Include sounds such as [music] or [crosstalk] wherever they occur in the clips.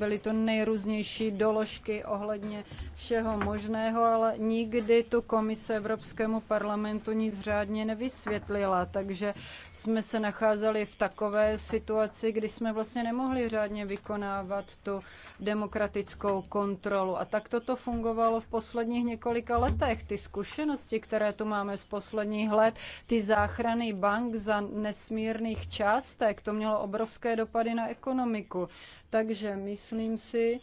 byly to nejrůznější doložky ohledně všeho možného, ale nikdy tu komise Evropskému parlamentu nic řádně nevysvětlila, takže jsme se nacházeli v takové situaci, kdy jsme vlastně nemohli řádně vykonávat tu demokratickou kontrolu. A tak toto fungovalo v posledních několika letech. Ty zkušenosti, které tu máme z posledních let, ty záchrany bank za nesmírných částek, to mělo obrovské dopady na ekonomiku. Takže myslím si,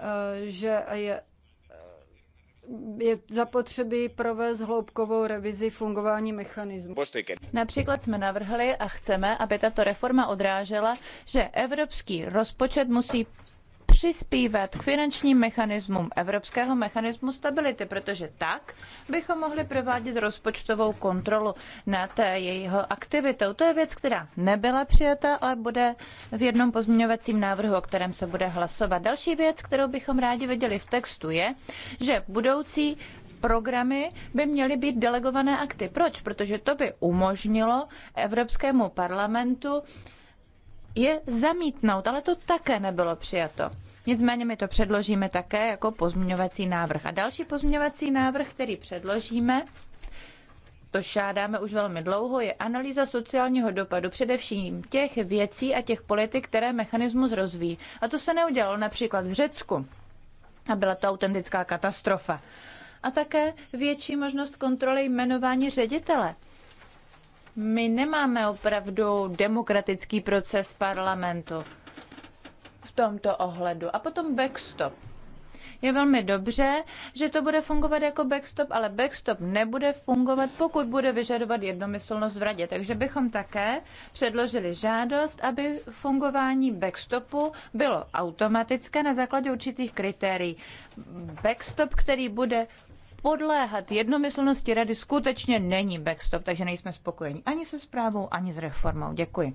eh, že je je zapotřebí provést hloubkovou revizi fungování mechanismu. Například jsme navrhli a chceme, aby tato reforma odrážela, že evropský rozpočet musí přispívat k finančním mechanismům Evropského mechanismu stability, protože tak bychom mohli provádět rozpočtovou kontrolu nad eh, jeho aktivitou. To je věc, která nebyla přijata, ale bude v jednom pozměňovacím návrhu, o kterém se bude hlasovat. Další věc, kterou bychom rádi viděli v textu, je, že budoucí programy by měly být delegované akty. Proč? Protože to by umožnilo Evropskému parlamentu je zamítnout, ale to také nebylo přijato. Nicméně my to předložíme také jako pozměňovací návrh. A další pozměňovací návrh, který předložíme, to žádáme už velmi dlouho, je analýza sociálního dopadu, především těch věcí a těch politik, které mechanismus rozvíjí. A to se neudělalo například v Řecku. A byla to autentická katastrofa. A také větší možnost kontroly jmenování ředitele. My nemáme opravdu demokratický proces parlamentu tomto ohledu. A potom backstop. Je velmi dobře, že to bude fungovat jako backstop, ale backstop nebude fungovat, pokud bude vyžadovat jednomyslnost v radě. Takže bychom také předložili žádost, aby fungování backstopu bylo automatické na základě určitých kritérií. Backstop, který bude podléhat jednomyslnosti rady, skutečně není backstop, takže nejsme spokojeni ani se zprávou, ani s reformou. Děkuji.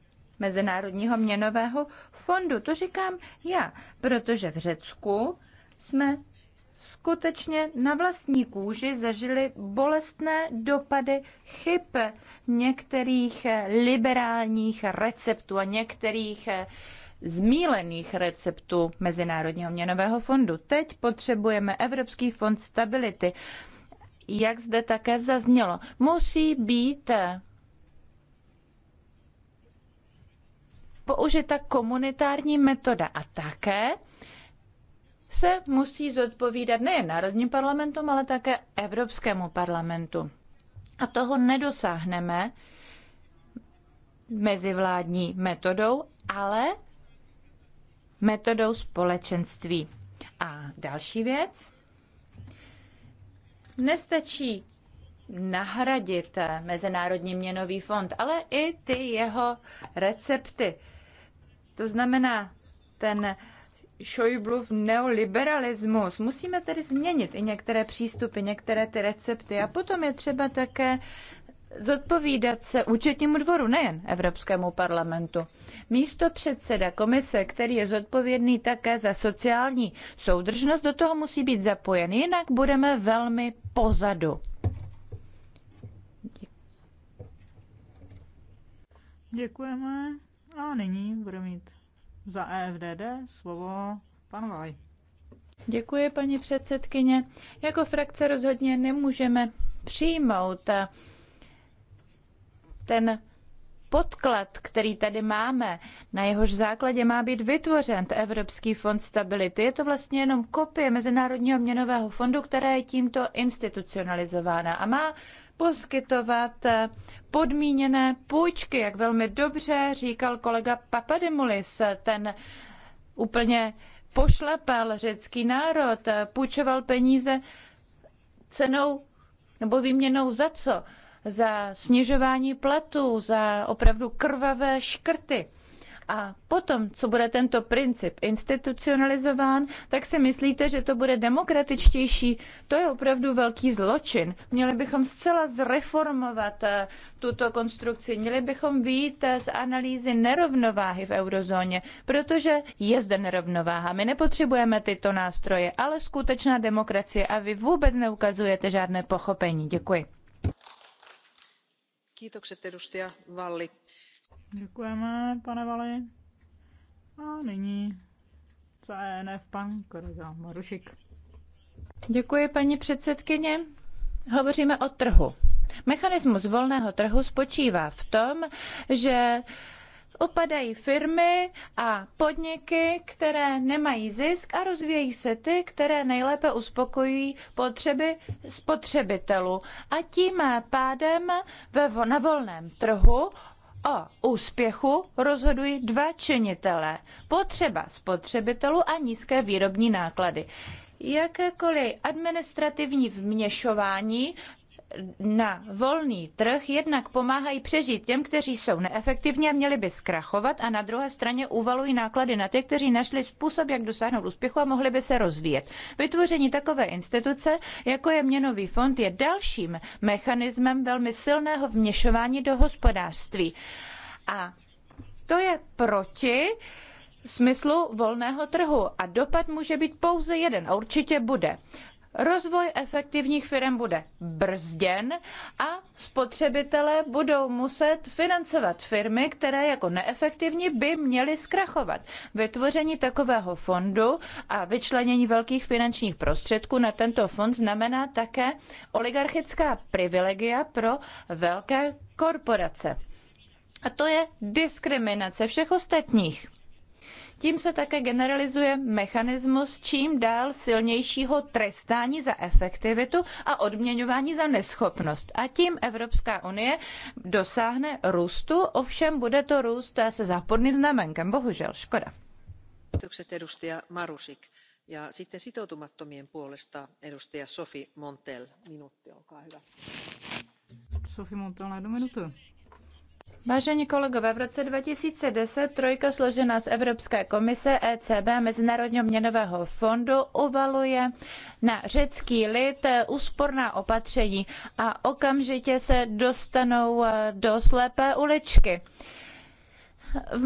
Mezinárodního měnového fondu. To říkám já, protože v Řecku jsme skutečně na vlastní kůži zažili bolestné dopady chyb některých liberálních receptů a některých zmílených receptů Mezinárodního měnového fondu. Teď potřebujeme Evropský fond stability. Jak zde také zaznělo, musí být použita komunitární metoda a také se musí zodpovídat nejen národním parlamentům, ale také Evropskému parlamentu. A toho nedosáhneme mezivládní metodou, ale metodou společenství. A další věc. Nestačí nahradit Mezinárodní měnový fond, ale i ty jeho recepty. To znamená, ten v neoliberalismus. Musíme tedy změnit i některé přístupy, některé ty recepty a potom je třeba také zodpovídat se účetnímu dvoru, nejen Evropskému parlamentu. Místo předseda komise, který je zodpovědný také za sociální soudržnost, do toho musí být zapojen, jinak budeme velmi pozadu. Děkujeme. A nyní bude mít za EFDD slovo pan Vaj. Děkuji, paní předsedkyně. Jako frakce rozhodně nemůžeme přijmout eh, ten podklad, který tady máme, na jehož základě má být vytvořen Evropský fond stability. Je to vlastně jenom kopie Mezinárodního měnového fondu, která je tímto institucionalizována a má poskytovat eh, podmíněné půjčky, jak velmi dobře říkal kolega Papademulis, ten úplně pošlapal řecký národ, půjčoval peníze cenou nebo výměnou za co? Za snižování platů, za opravdu krvavé škrty a potom, co bude tento princip institucionalizován, tak si myslíte, že to bude demokratičtější. To je opravdu velký zločin. Měli bychom zcela zreformovat eh, tuto konstrukci. Měli bychom výjít eh, z analýzy nerovnováhy v eurozóně, protože je zde nerovnováha. My nepotřebujeme tyto nástroje, ale skutečná demokracie a vy vůbec neukazujete žádné pochopení. Děkuji. Kiitokset edustaja Valli Děkujeme, pane Vali. A nyní za ENF pan kolega Marušik. Děkuji, paní předsedkyně. Hovoříme o trhu. Mechanismus volného trhu spočívá v tom, že upadají firmy a podniky, které nemají zisk a rozvíjejí se ty, které nejlépe uspokojí potřeby spotřebitelů. A tím pádem ve, na volném trhu O úspěchu rozhodují dva činitele. Potřeba spotřebitelů a nízké výrobní náklady. Jakékoliv administrativní vměšování na volný trh jednak pomáhají přežít těm, kteří jsou neefektivní a měli by zkrachovat a na druhé straně uvalují náklady na ty, kteří našli způsob, jak dosáhnout úspěchu a mohli by se rozvíjet. Vytvoření takové instituce, jako je Měnový fond, je dalším mechanismem velmi silného vměšování do hospodářství. A to je proti smyslu volného trhu a dopad může být pouze jeden a určitě bude rozvoj efektivních firm bude brzděn a spotřebitelé budou muset financovat firmy, které jako neefektivní by měly zkrachovat. Vytvoření takového fondu a vyčlenění velkých finančních prostředků na tento fond znamená také oligarchická privilegia pro velké korporace. A to je diskriminace všech ostatních. Tím se také generalizuje mechanismus čím dál silnějšího trestání za efektivitu a odměňování za neschopnost. A tím Evropská unie dosáhne růstu, ovšem bude to růst se záporným znamenkem. Bohužel, škoda. Marusik. Ja sitten sitoutumattomien puolesta edustaja Sofi Montel. Minuutti, olkaa hyvä. Sofi Montel, na jednu Vážení kolegové, v roce 2010 trojka složená z Evropské komise, ECB, Mezinárodního měnového fondu uvaluje na řecký lid úsporná opatření a okamžitě se dostanou eh, do slepé uličky.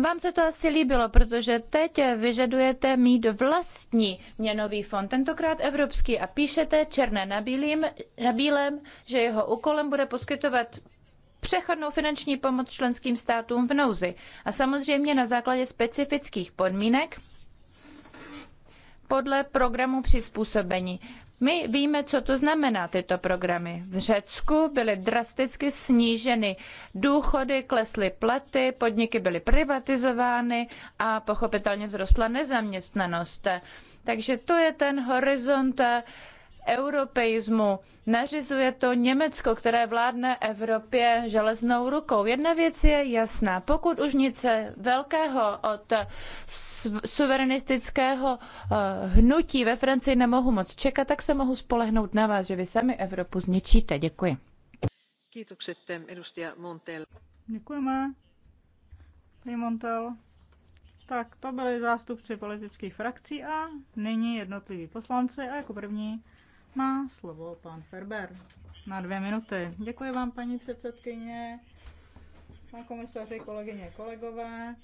Vám se to asi líbilo, protože teď vyžadujete mít vlastní měnový fond, tentokrát evropský, a píšete černé na, na bílém, že jeho úkolem bude poskytovat přechodnou finanční pomoc členským státům v nouzi a samozřejmě na základě specifických podmínek podle programu přizpůsobení. My víme, co to znamená tyto programy. V Řecku byly drasticky sníženy důchody, klesly platy, podniky byly privatizovány a pochopitelně vzrostla nezaměstnanost. Takže to je ten horizont europeismu. Nařizuje to Německo, které vládne Evropě železnou rukou. Jedna věc je jasná. Pokud už nic velkého od suverenistického eh, hnutí ve Francii nemohu moc čekat, tak se mohu spolehnout na vás, že vy sami Evropu zničíte. Děkuji. Děkujeme. Pani Montel. Tak to byli zástupci politických frakcí a nyní jednotliví poslanci a jako první má slovo pan Ferber na dvě minuty. Děkuji vám, paní předsedkyně, pan komisaři, kolegyně, kolegové.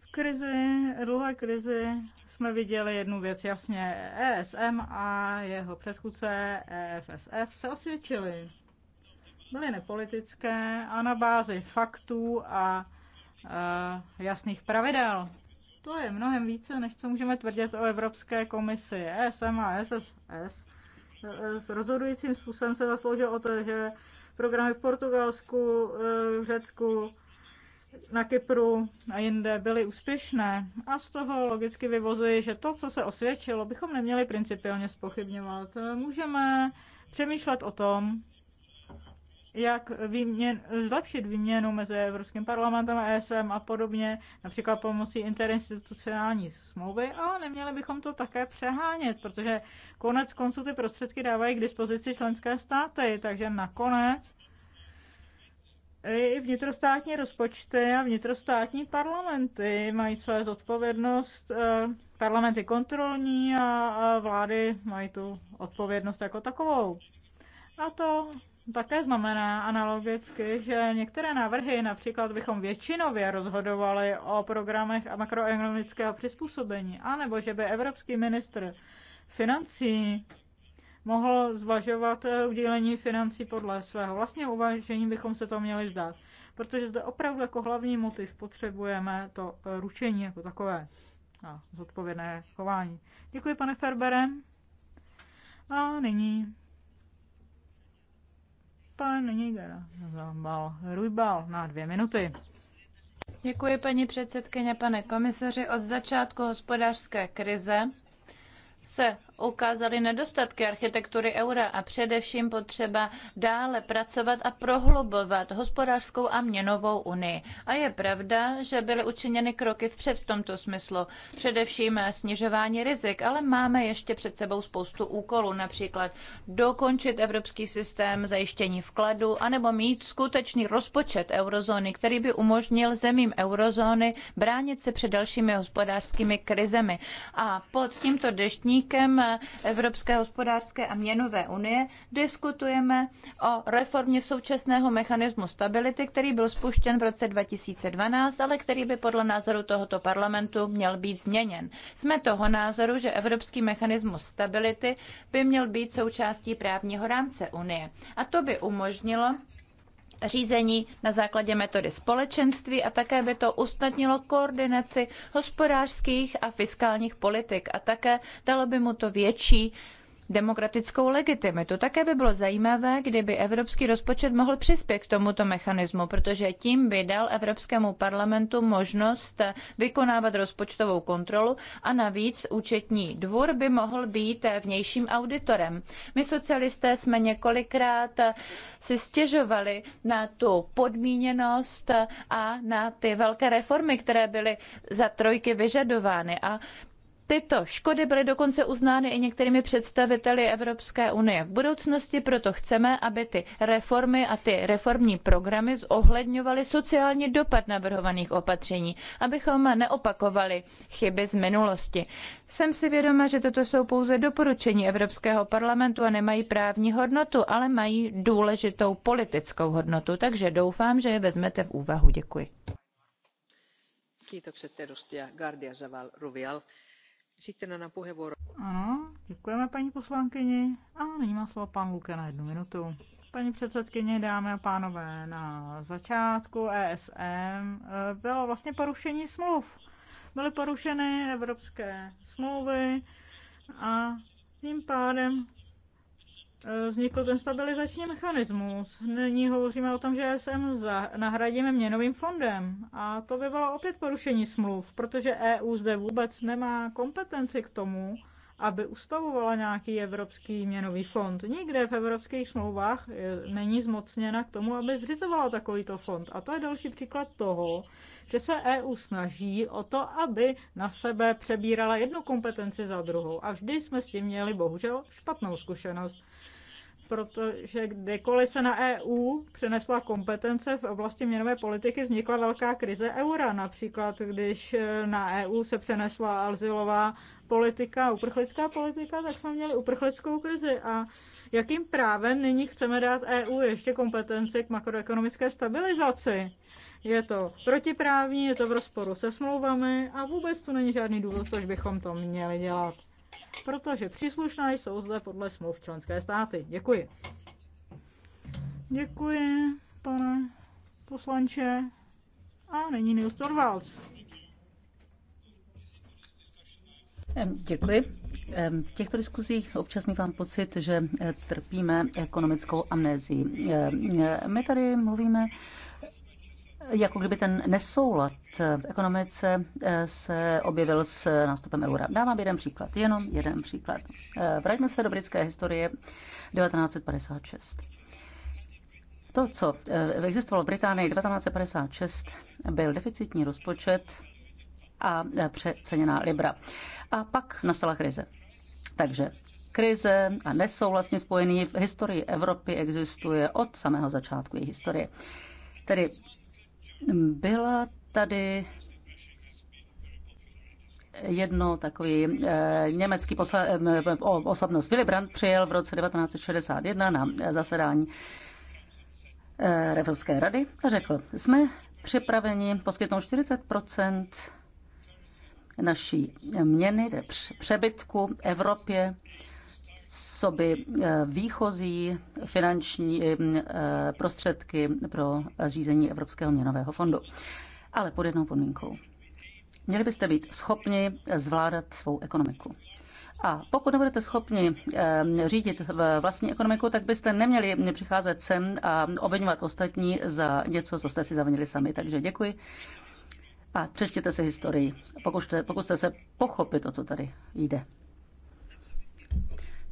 V krizi, dlouhé krizi jsme viděli jednu věc jasně. ESM a jeho předchůdce EFSF se osvědčili. Byly nepolitické a na bázi faktů a a eh, jasných pravidel. To je mnohem více, než co můžeme tvrdit o Evropské komisi. ESM a SSS s rozhodujícím způsobem se zasloužil o to, že programy v Portugalsku, eh, v Řecku, na Kypru a jinde byly úspěšné. A z toho logicky vyvozuji, že to, co se osvědčilo, bychom neměli principiálně spochybňovat. Můžeme přemýšlet o tom, jak výměn, zlepšit výměnu mezi Evropským parlamentem a ESM a podobně, například pomocí interinstitucionální smlouvy, ale neměli bychom to také přehánět, protože konec konců ty prostředky dávají k dispozici členské státy, takže nakonec i vnitrostátní rozpočty a vnitrostátní parlamenty mají své zodpovědnost, eh, parlamenty kontrolní a vlády mají tu odpovědnost jako takovou. A to také znamená analogicky, že některé návrhy, například bychom většinově rozhodovali o programech a makroekonomického přizpůsobení, anebo že by evropský ministr financí mohl zvažovat eh, udělení financí podle svého vlastního uvažení, bychom se to měli zdát, Protože zde opravdu jako hlavní motiv potřebujeme to eh, ručení jako takové a zodpovědné chování. Děkuji, pane Ferberem. A nyní pan zambal Rujbal na dvě minuty. Děkuji, paní předsedkyně, pane komisaři. Od začátku hospodářské krize se ukázaly nedostatky architektury eura a především potřeba dále pracovat a prohlubovat hospodářskou a měnovou unii. A je pravda, že byly učiněny kroky vpřed v tomto smyslu, především snižování rizik, ale máme ještě před sebou spoustu úkolů, například dokončit evropský systém zajištění vkladu, anebo mít skutečný rozpočet eurozóny, který by umožnil zemím eurozóny bránit se před dalšími hospodářskými krizemi. A pod tímto deštníkem Evropské hospodářské a měnové unie diskutujeme o reformě současného mechanismu stability, který byl spuštěn v roce 2012, ale který by podle názoru tohoto parlamentu měl být změněn. Jsme toho názoru, že Evropský mechanismus stability by měl být součástí právního rámce Unie. A to by umožnilo řízení na základě metody společenství a také by to usnadnilo koordinaci hospodářských a fiskálních politik a také dalo by mu to větší demokratickou legitimitu. Také by bylo zajímavé, kdyby evropský rozpočet mohl přispět k tomuto mechanismu, protože tím by dal Evropskému parlamentu možnost vykonávat rozpočtovou kontrolu a navíc účetní dvůr by mohl být vnějším auditorem. My socialisté jsme několikrát si stěžovali na tu podmíněnost a na ty velké reformy, které byly za trojky vyžadovány. A Tyto škody byly dokonce uznány i některými představiteli Evropské unie. V budoucnosti proto chceme, aby ty reformy a ty reformní programy zohledňovaly sociální dopad navrhovaných opatření, abychom neopakovali chyby z minulosti. Jsem si vědoma, že toto jsou pouze doporučení Evropského parlamentu a nemají právní hodnotu, ale mají důležitou politickou hodnotu, takže doufám, že je vezmete v úvahu. Děkuji. Kiitokset edustaja Gardia Zaval Ruvial. Ano, děkujeme paní poslankyni. A nyní má slovo pan Luke na jednu minutu. Paní předsedkyně, dámy a pánové, na začátku ESM eh, bylo vlastně porušení smluv. Byly porušeny evropské smlouvy a tím pádem vznikl ten stabilizační mechanismus. Nyní hovoříme o tom, že SM nahradíme měnovým fondem. A to by bylo opět porušení smluv, protože EU zde vůbec nemá kompetenci k tomu, aby ustavovala nějaký evropský měnový fond. Nikde v evropských smlouvách e, není zmocněna k tomu, aby zřizovala takovýto fond. A to je další příklad toho, že se EU snaží o to, aby na sebe přebírala jednu kompetenci za druhou. A vždy jsme s tím měli bohužel špatnou zkušenost protože kdykoliv se na EU přenesla kompetence v oblasti měnové politiky, vznikla velká krize eura. Například, když eh, na EU se přenesla alzilová politika, uprchlická politika, tak jsme měli uprchlickou krizi. A jakým právem nyní chceme dát EU ještě kompetenci k makroekonomické stabilizaci? Je to protiprávní, je to v rozporu se smlouvami a vůbec tu není žádný důvod, proč bychom to měli dělat protože příslušná jsou zde podle smluv členské státy. Děkuji. Děkuji, pane poslanče. A není Nils Torvalds. Děkuji. V těchto diskuzích občas vám pocit, že eh, trpíme ekonomickou amnézií. Eh, my tady mluvíme jako kdyby ten nesoulad v ekonomice eh, se objevil s nástupem eura. Dávám jeden příklad, jenom jeden příklad. Eh, vraťme se do britské historie 1956. To, co eh, existovalo v Británii 1956, byl deficitní rozpočet a přeceněná libra. A pak nastala krize. Takže krize a nesouhlas spojený v historii Evropy existuje od samého začátku její historie. Tedy byla tady jedno takový eh, německý posle, eh, osobnost Willy Brandt přijel v roce 1961 na zasedání eh, Evropské rady a řekl, jsme připraveni poskytnout 40 naší měny, přebytku Evropě zásoby eh, výchozí finanční eh, eh, prostředky pro řízení Evropského měnového fondu. Ale pod jednou podmínkou. Měli byste být schopni zvládat svou ekonomiku. A pokud nebudete schopni řídit vlastní ekonomiku, tak byste neměli přicházet sem a obvinovat ostatní za něco, co jste si zavinili sami. Takže děkuji a přečtěte si historii. Pokuste, pokuste se pochopit, o co tady jde.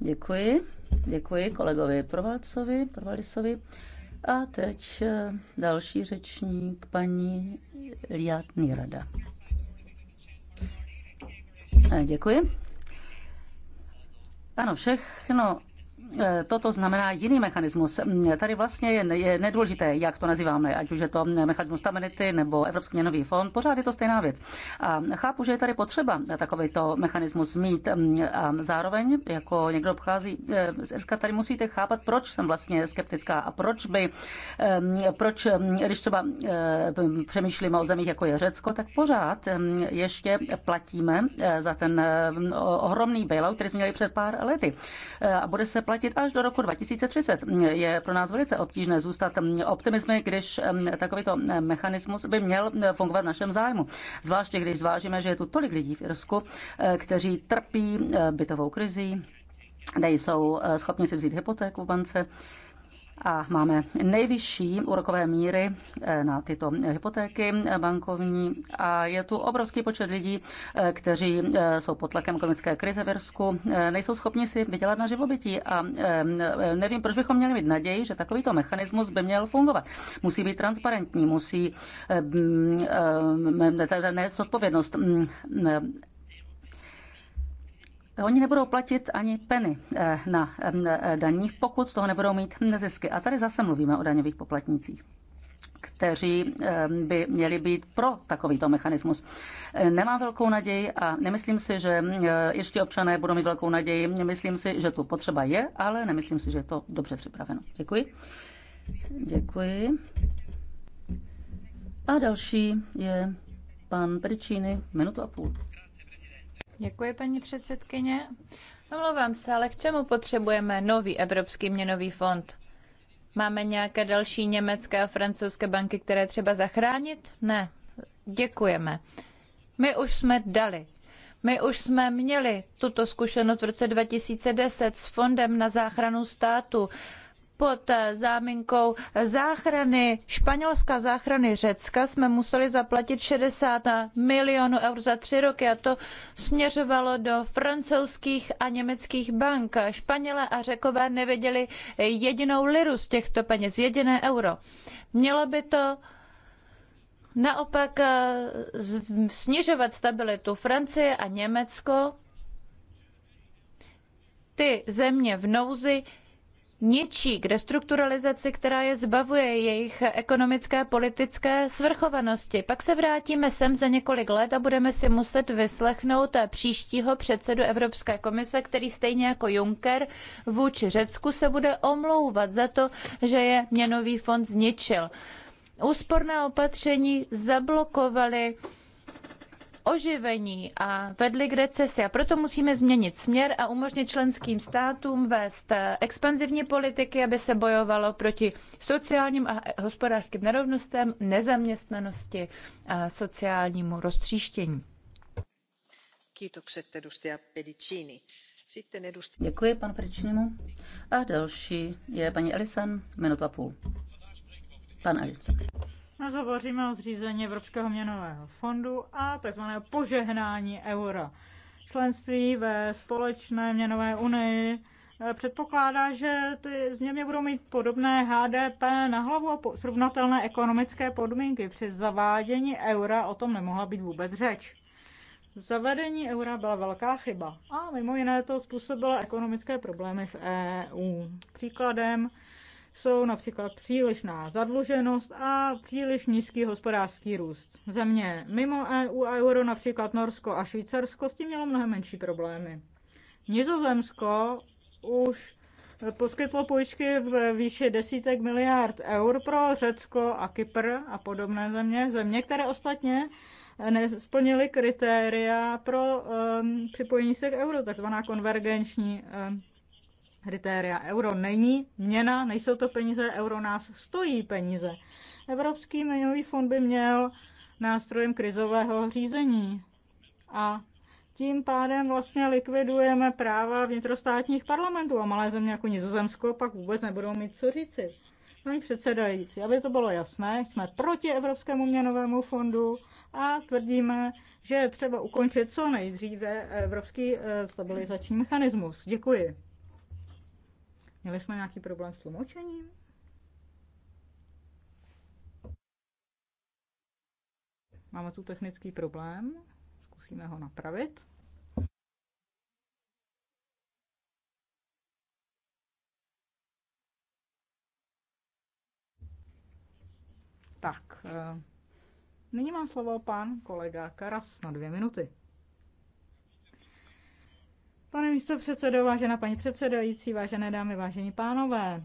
Děkuji. Děkuji kolegovi Provalcovi, Provalisovi. A teď eh, další řečník, paní Liat Rada. Eh, děkuji. Ano, všechno Eh, toto znamená jiný mechanismus. Mm, tady vlastně je nedůležité, jak to nazýváme, ať už je to mechanismus stability nebo Evropský měnový fond, pořád je to stejná věc. A chápu, že je tady potřeba takovýto mechanismus mít mm, a zároveň, jako někdo obchází eh, z Irska, tady musíte chápat, proč jsem vlastně skeptická a proč by, eh, proč, mm, když třeba přemýšlíme o zemích, jako je Řecko, tak pořád ještě platíme za ten ohromný bailout, který jsme měli před pár lety. A bude se platit až do roku 2030. Je pro nás velice obtížné zůstat optimismy, když takovýto mechanismus by měl fungovat v našem zájmu. Zvláště když zvážíme, že je tu tolik lidí v Irsku, kteří trpí bytovou krizí, nejsou eh, schopni si vzít hypotéku v bance a máme nejvyšší úrokové míry na tyto hypotéky bankovní a je tu obrovský počet lidí, kteří jsou pod tlakem ekonomické krize v Irsku, nejsou schopni si vydělat na živobytí a nevím, proč bychom měli mít naději, že takovýto mechanismus by měl fungovat. Musí být transparentní, musí nést odpovědnost Oni nebudou platit ani peny eh, na eh, eh, daních, pokud z toho nebudou mít nezisky. A tady zase mluvíme o daňových poplatnících kteří by měli být pro takovýto mechanismus. Nemám velkou naději a nemyslím si, že ještě občané budou mít velkou naději. Myslím si, že tu potřeba je, ale nemyslím si, že je to dobře připraveno. Děkuji. Děkuji. A další je pan Pričíny, minutu a půl. Děkuji, paní předsedkyně. Omlouvám se, ale k čemu potřebujeme nový Evropský měnový fond? Máme nějaké další německé a francouzské banky, které třeba zachránit? Ne. Děkujeme. My už jsme dali. My už jsme měli tuto zkušenost v roce 2010 s Fondem na záchranu státu pod záminkou záchrany Španělska, záchrany Řecka jsme museli zaplatit 60 milionů eur za tři roky a to směřovalo do francouzských a německých bank. Španělé a Řekové nevěděli jedinou liru z těchto peněz, jediné euro. Mělo by to naopak eh, snižovat stabilitu Francie a Německo, ty země v nouzi ničí, k restrukturalizaci, která je zbavuje jejich ekonomické politické svrchovanosti. Pak se vrátíme sem za několik let a budeme si muset vyslechnout příštího předsedu Evropské komise, který stejně jako Juncker vůči Řecku se bude omlouvat za to, že je měnový fond zničil. Úsporná opatření zablokovaly oživení a vedly k recesi. A proto musíme změnit směr a umožnit členským státům vést expanzivní politiky, aby se bojovalo proti sociálním a hospodářským nerovnostem, nezaměstnanosti a sociálnímu roztříštění. Děkuji panu Pričnímu. A další je paní Elisan, minuta půl. Pan Elisan. Dnes hovoříme o zřízení Evropského měnového fondu a tzv. požehnání eura. Členství ve společné měnové unii eh, předpokládá, že ty změny budou mít podobné HDP na hlavu a srovnatelné ekonomické podmínky. Při zavádění eura o tom nemohla být vůbec řeč. Zavedení eura byla velká chyba a mimo jiné to způsobilo ekonomické problémy v EU. Příkladem jsou například přílišná zadluženost a příliš nízký hospodářský růst. Země mimo EU a euro, například Norsko a Švýcarsko, s tím mělo mnohem menší problémy. Nizozemsko už poskytlo půjčky v výši desítek miliard eur pro Řecko a Kypr a podobné země, země, které ostatně nesplnily kritéria pro um, připojení se k euro, takzvaná konvergenční um, kritéria. Euro není měna, nejsou to peníze, euro nás stojí peníze. Evropský měnový fond by měl nástrojem krizového řízení. A tím pádem vlastně likvidujeme práva vnitrostátních parlamentů a malé země jako Nizozemsko pak vůbec nebudou mít co říci. Paní předsedající, aby to bylo jasné, jsme proti Evropskému měnovému fondu a tvrdíme, že je třeba ukončit co nejdříve Evropský eh, stabilizační mechanismus. Děkuji. Měli jsme nějaký problém s tlumočením? Máme tu technický problém, zkusíme ho napravit. Tak, eh, nyní mám slovo pan kolega Karas na dvě minuty. Pane místo předsedo, vážená paní předsedající, vážené dámy, vážení pánové,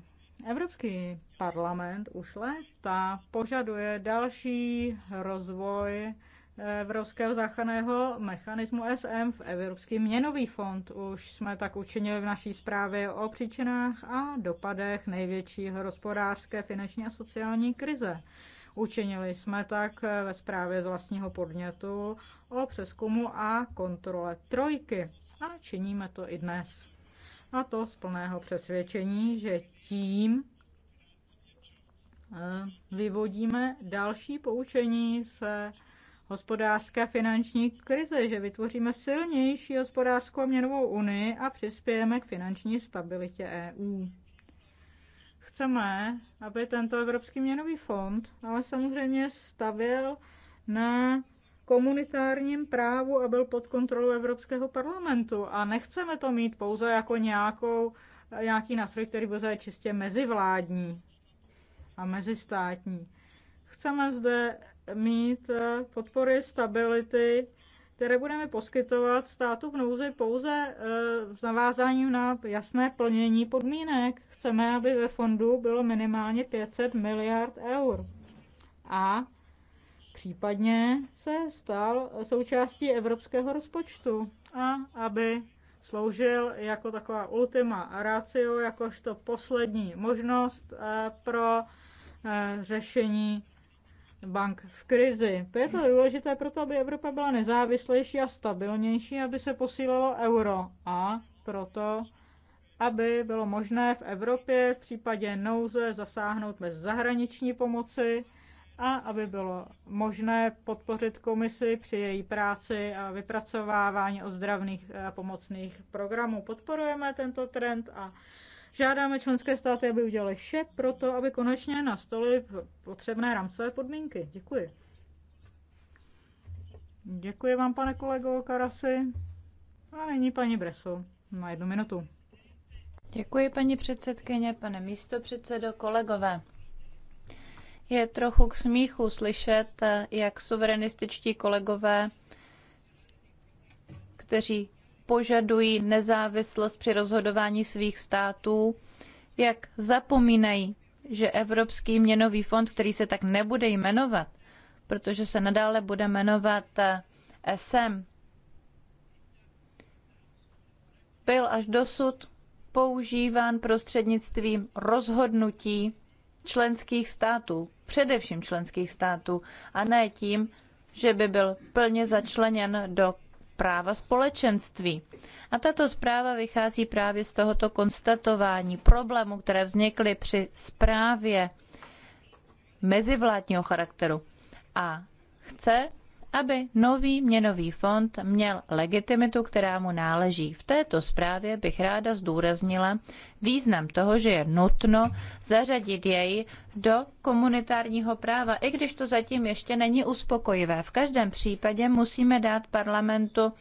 Evropský parlament už léta požaduje další rozvoj Evropského záchranného mechanismu SM v Evropský měnový fond. Už jsme tak učinili v naší zprávě o příčinách a dopadech největší hospodářské, finanční a sociální krize. Učinili jsme tak ve zprávě z vlastního podnětu o přeskumu a kontrole trojky a činíme to i dnes. A to z plného přesvědčení, že tím eh, vyvodíme další poučení se hospodářské finanční krize, že vytvoříme silnější hospodářskou a měnovou unii a přispějeme k finanční stabilitě EU. Chceme, aby tento Evropský měnový fond ale samozřejmě stavěl na komunitárním právu a byl pod kontrolou Evropského parlamentu. A nechceme to mít pouze jako nějakou, nějaký nástroj, který bude čistě mezivládní a mezistátní. Chceme zde mít eh, podpory stability, které budeme poskytovat státu v nouzi pouze eh, s navázáním na jasné plnění podmínek. Chceme, aby ve fondu bylo minimálně 500 miliard eur. A případně se stal součástí evropského rozpočtu a aby sloužil jako taková ultima ratio, jakožto poslední možnost eh, pro eh, řešení bank v krizi. Je to důležité proto, aby Evropa byla nezávislejší a stabilnější, aby se posílilo euro a proto, aby bylo možné v Evropě v případě nouze zasáhnout bez zahraniční pomoci, a aby bylo možné podpořit komisi při její práci a vypracovávání ozdravných a pomocných programů. Podporujeme tento trend a žádáme členské státy, aby udělali vše pro to, aby konečně nastaly potřebné rámcové podmínky. Děkuji. Děkuji vám, pane kolego Karasi. A nyní paní Breso na jednu minutu. Děkuji, paní předsedkyně, pane místopředsedo, kolegové. Je trochu k smíchu slyšet, jak suverenističtí kolegové, kteří požadují nezávislost při rozhodování svých států, jak zapomínají, že Evropský měnový fond, který se tak nebude jmenovat, protože se nadále bude jmenovat eh, SM, byl až dosud používán prostřednictvím rozhodnutí členských států, především členských států, a ne tím, že by byl plně začleněn do práva společenství. A tato zpráva vychází právě z tohoto konstatování problémů, které vznikly při zprávě mezivládního charakteru. A chce aby nový měnový fond měl legitimitu, která mu náleží. V této zprávě bych ráda zdůraznila význam toho, že je nutno zařadit jej do komunitárního práva, i když to zatím ještě není uspokojivé. V každém případě musíme dát parlamentu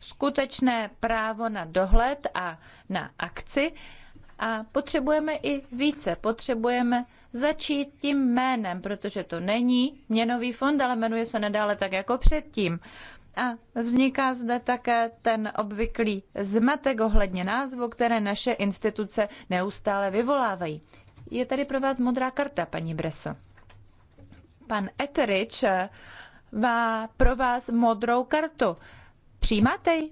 skutečné právo na dohled a na akci a potřebujeme i více. Potřebujeme začít tím jménem, protože to není měnový fond, ale jmenuje se nadále tak jako předtím. A vzniká zde také ten obvyklý zmatek ohledně názvu, které naše instituce neustále vyvolávají. Je tady pro vás modrá karta, paní Breso. Pan Eterič eh, má pro vás modrou kartu. Přijímáte ji?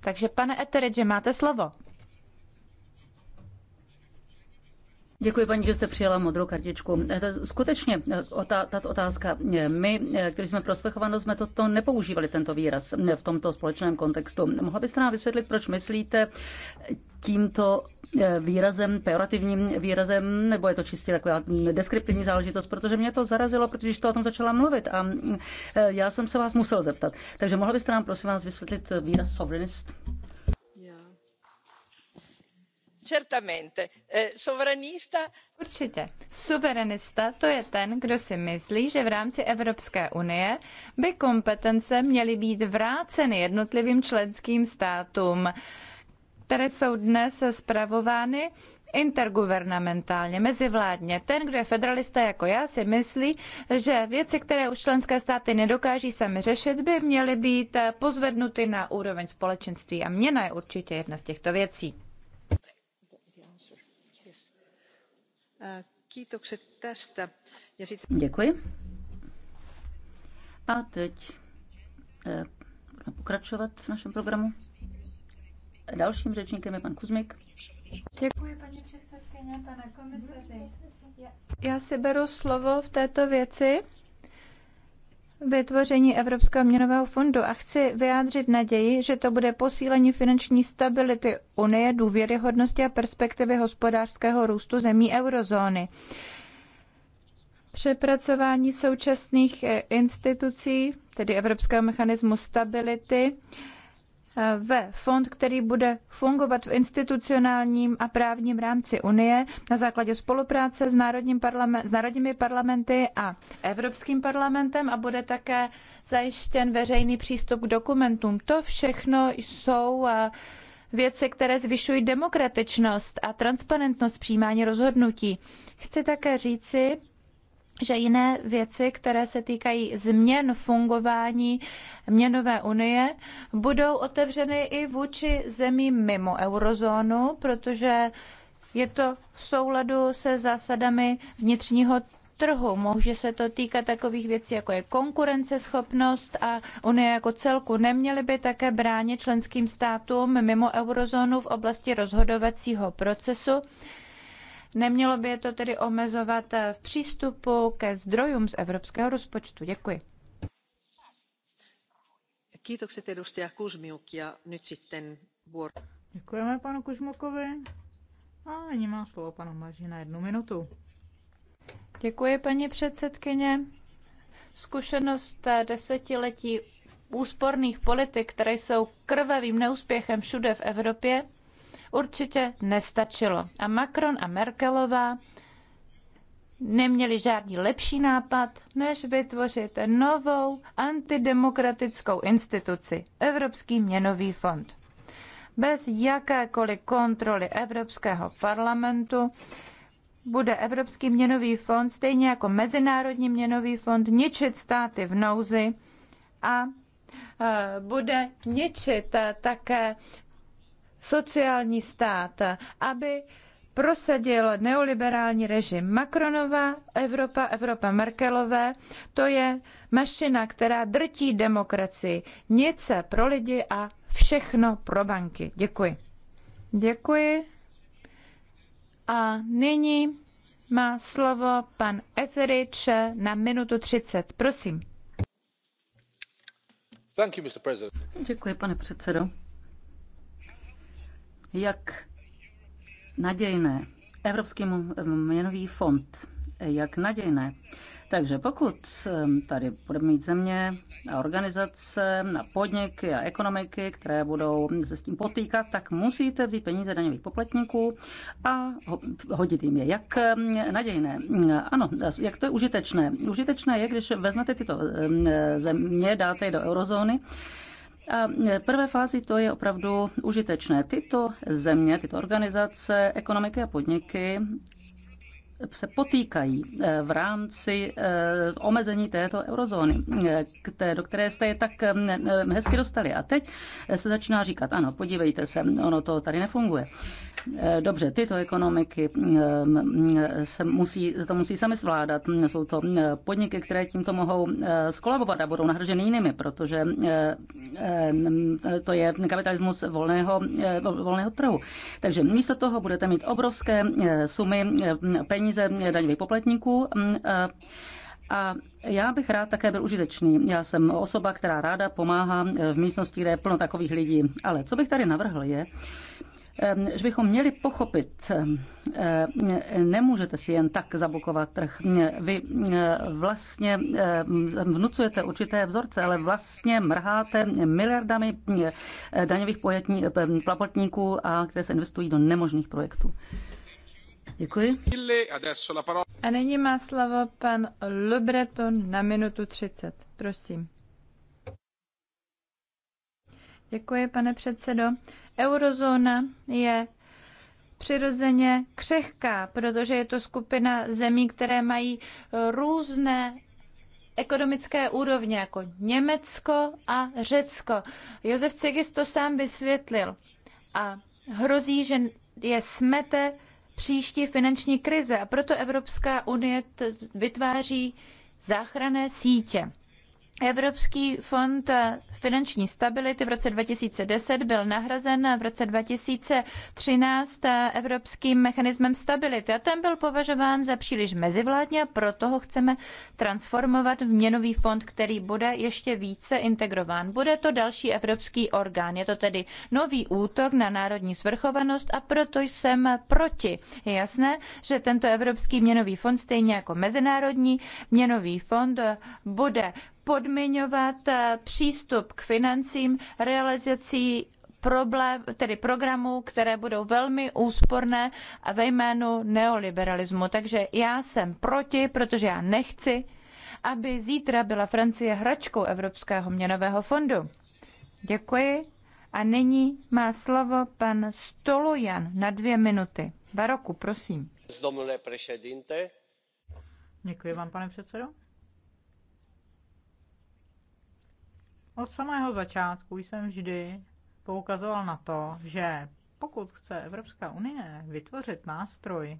Takže pane Eterič, máte slovo. Děkuji paní, že jste přijala modrou kartičku. Eh, skutečně, eh, tato otázka. Eh, my, kteří jsme prospechováno, jsme toto nepoužívali, tento výraz v tomto společném kontextu. Mohla byste nám vysvětlit, proč myslíte tímto výrazem, pejorativním výrazem, nebo je to čistě taková hm, deskriptivní záležitost, protože mě to zarazilo, protože jste o tom začala mluvit a hm, já jsem se vás musel zeptat. Takže mohla byste nám, prosím vás, vysvětlit výraz sovereignist? Eh, určitě. Suverenista to je ten, kdo si myslí, že v rámci Evropské unie by kompetence měly být vráceny jednotlivým členským státům, které jsou dnes spravovány intergovernmentálně, mezivládně. Ten, kdo je federalista jako já, si myslí, že věci, které už členské státy nedokáží sami řešit, by měly být pozvednuty na úroveň společenství a měna je určitě jedna z těchto věcí. Děkuji. A teď eh, budeme pokračovat v našem programu. Dalším řečníkem je pan Kuzmik. Děkuji, paní předsedkyně, pane komisaři. Já si beru slovo v této věci vytvoření Evropského měnového fondu a chci vyjádřit naději, že to bude posílení finanční stability Unie, důvěryhodnosti a perspektivy hospodářského růstu zemí eurozóny. Přepracování současných eh, institucí, tedy Evropského mechanismu stability, Eh, ve fond, který bude fungovat v institucionálním a právním rámci Unie na základě spolupráce s, národním parlament, s národními parlamenty a Evropským parlamentem a bude také zajištěn veřejný přístup k dokumentům. To všechno jsou eh, věci, které zvyšují demokratičnost a transparentnost přijímání rozhodnutí. Chci také říci, že jiné věci, které se týkají změn fungování měnové unie, budou otevřeny i vůči zemím mimo eurozónu, protože je to v souladu se zásadami vnitřního trhu. Může se to týkat takových věcí, jako je konkurenceschopnost a Unie jako celku. Neměly by také bránit členským státům mimo eurozónu v oblasti rozhodovacího procesu, Nemělo by je to tedy omezovat eh, v přístupu ke zdrojům z evropského rozpočtu. Děkuji. Kiitokset edustaja Kuzmiuk ja nyt sitten Děkujeme panu Kuzmukovi. A nyní má slovo panu Maži na jednu minutu. Děkuji, paní předsedkyně. Zkušenost eh, desetiletí úsporných politik, které jsou krvavým neúspěchem všude v Evropě, určitě nestačilo. A Macron a Merkelová neměli žádný lepší nápad, než vytvořit novou antidemokratickou instituci Evropský měnový fond. Bez jakékoliv kontroly Evropského parlamentu bude Evropský měnový fond, stejně jako Mezinárodní měnový fond, ničit státy v nouzi a e, bude ničit e, také sociální stát, aby prosadil neoliberální režim Macronova, Evropa, Evropa Merkelové. To je mašina, která drtí demokracii. Nic pro lidi a všechno pro banky. Děkuji. Děkuji. A nyní má slovo pan Ezerič na minutu 30. Prosím. You, Děkuji, pane předsedo jak nadějné Evropský měnový fond, jak nadějné. Takže pokud tady budeme mít země a organizace na podniky a ekonomiky, které budou se s tím potýkat, tak musíte vzít peníze daňových poplatníků a hodit jim je. Jak nadějné? Ano, jak to je užitečné? Užitečné je, když vezmete tyto země, dáte je do eurozóny, a v e, prvé fázi to je opravdu užitečné. Tyto země, tyto organizace, ekonomiky a podniky se potýkají eh, v rámci eh, omezení této eurozóny, eh, do které jste je tak hezky dostali. A teď se začíná říkat, ano, podívejte se, ono to tady nefunguje. Dobře, tyto ekonomiky se musí, to musí sami zvládat. Jsou to podniky, které tímto mohou skolabovat a budou nahrženy jinými, protože to je kapitalismus volného, volného trhu. Takže místo toho budete mít obrovské sumy peněz peníze eh, daňových poplatníků. Mm, eh, a já bych rád také byl užitečný. Já jsem osoba, která ráda pomáhá eh, v místnosti, kde je plno takových lidí. Ale co bych tady navrhl je, že bychom měli pochopit, nemůžete si jen tak zabukovat trh. Vy vlastně vnucujete určité vzorce, ale vlastně mrháte miliardami daňových poplatníků, a které se investují do nemožných projektů. Děkuji. A nyní má slovo pan Le Breton na minutu 30. Prosím. Děkuji, pane předsedo. Eurozóna je přirozeně křehká, protože je to skupina zemí, které mají různé ekonomické úrovně, jako Německo a Řecko. Josef Cegis to sám vysvětlil. A hrozí, že je smete příští finanční krize a proto Evropská unie vytváří záchranné sítě. Evropský fond finanční stability v roce 2010 byl nahrazen v roce 2013 Evropským mechanismem stability a ten byl považován za příliš mezivládně a proto ho chceme transformovat v měnový fond, který bude ještě více integrován. Bude to další evropský orgán, je to tedy nový útok na národní svrchovanost a proto jsem proti. Je jasné, že tento Evropský měnový fond, stejně jako Mezinárodní měnový fond, bude podmiňovat eh, přístup k financím realizací problém, tedy programů, které budou velmi úsporné a ve jménu neoliberalismu. Takže já jsem proti, protože já nechci, aby zítra byla Francie hračkou Evropského měnového fondu. Děkuji. A nyní má slovo pan Stolojan na dvě minuty. Baroku, prosím. Děkuji vám, pane předsedo. Od samého začátku jsem vždy poukazoval na to, že pokud chce Evropská unie vytvořit nástroj,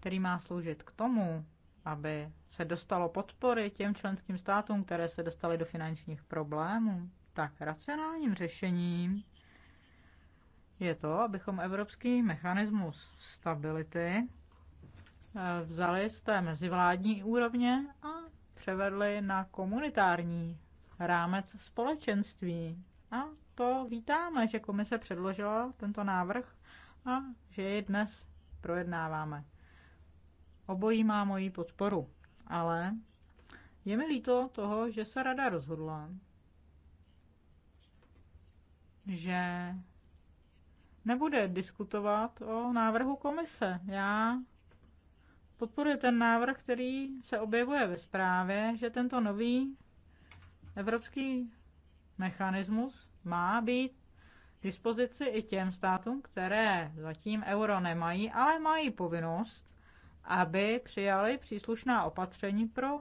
který má sloužit k tomu, aby se dostalo podpory těm členským státům, které se dostaly do finančních problémů, tak racionálním řešením je to, abychom evropský mechanismus stability eh, vzali z té mezivládní úrovně a převedli na komunitární rámec společenství. A to vítáme, že komise předložila tento návrh a že ji dnes projednáváme. Obojí má moji podporu, ale je mi líto toho, že se rada rozhodla, že nebude diskutovat o návrhu komise. Já podporuji ten návrh, který se objevuje ve zprávě, že tento nový Evropský mechanismus má být dispozici i těm státům, které zatím euro nemají, ale mají povinnost, aby přijali příslušná opatření pro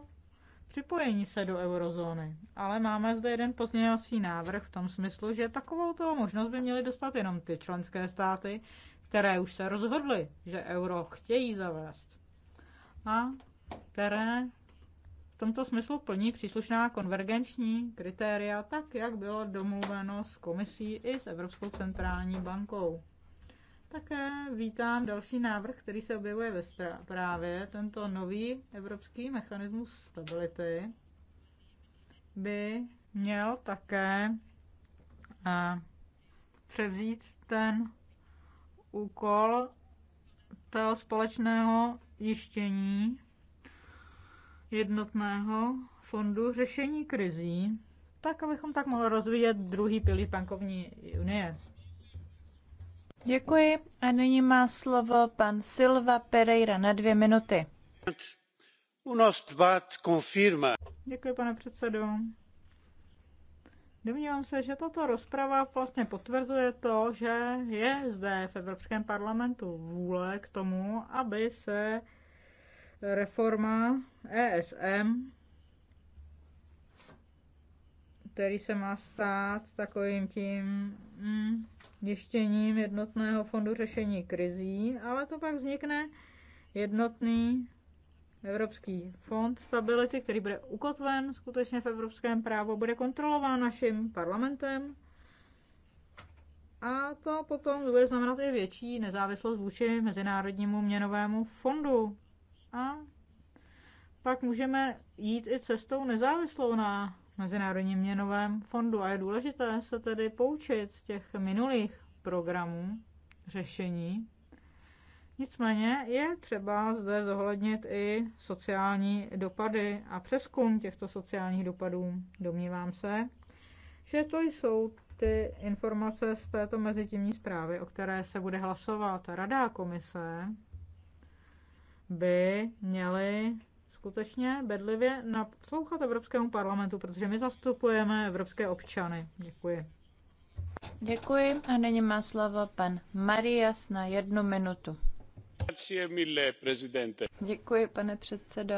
připojení se do eurozóny. Ale máme zde jeden pozměňovací návrh v tom smyslu, že takovou toho možnost by měly dostat jenom ty členské státy, které už se rozhodly, že euro chtějí zavést a které v tomto smyslu plní příslušná konvergenční kritéria, tak jak bylo domluveno s komisí i s Evropskou centrální bankou. Také vítám další návrh, který se objevuje ve právě Tento nový evropský mechanismus stability by měl také eh, převzít ten úkol toho společného jištění jednotného fondu řešení krizí, tak abychom tak mohli rozvíjet druhý pilíř bankovní unie. Děkuji a nyní má slovo pan Silva Pereira na dvě minuty. Děkuji, pane předsedo. Domnívám se, že tato rozprava vlastně potvrzuje to, že je zde v Evropském parlamentu vůle k tomu, aby se reforma ESM, který se má stát takovým tím mm, jednotného fondu řešení krizí, ale to pak vznikne jednotný Evropský fond stability, který bude ukotven skutečně v evropském právu, bude kontrolován naším parlamentem. A to potom bude znamenat i větší nezávislost vůči Mezinárodnímu měnovému fondu, a pak můžeme jít i cestou nezávislou na Mezinárodním měnovém fondu a je důležité se tedy poučit z těch minulých programů řešení. Nicméně je třeba zde zohlednit i sociální dopady a přeskum těchto sociálních dopadů. Domnívám se, že to jsou ty informace z této mezitímní zprávy, o které se bude hlasovat Rada a komise by měli skutečně bedlivě naslouchat Evropskému parlamentu, protože my zastupujeme evropské občany. Děkuji. Děkuji a nyní má slovo pan Marias na jednu minutu. Děkuji, pane předsedo.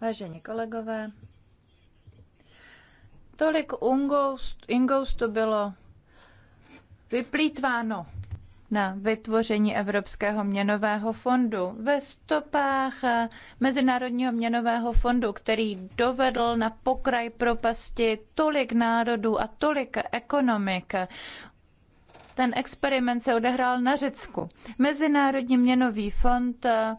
Vážení kolegové, tolik ingoustu bylo vyplýtváno na vytvoření Evropského měnového fondu ve stopách eh, Mezinárodního měnového fondu, který dovedl na pokraj propasti tolik národů a tolik ekonomik. Ten experiment se odehrál na Řecku. Mezinárodní měnový fond eh,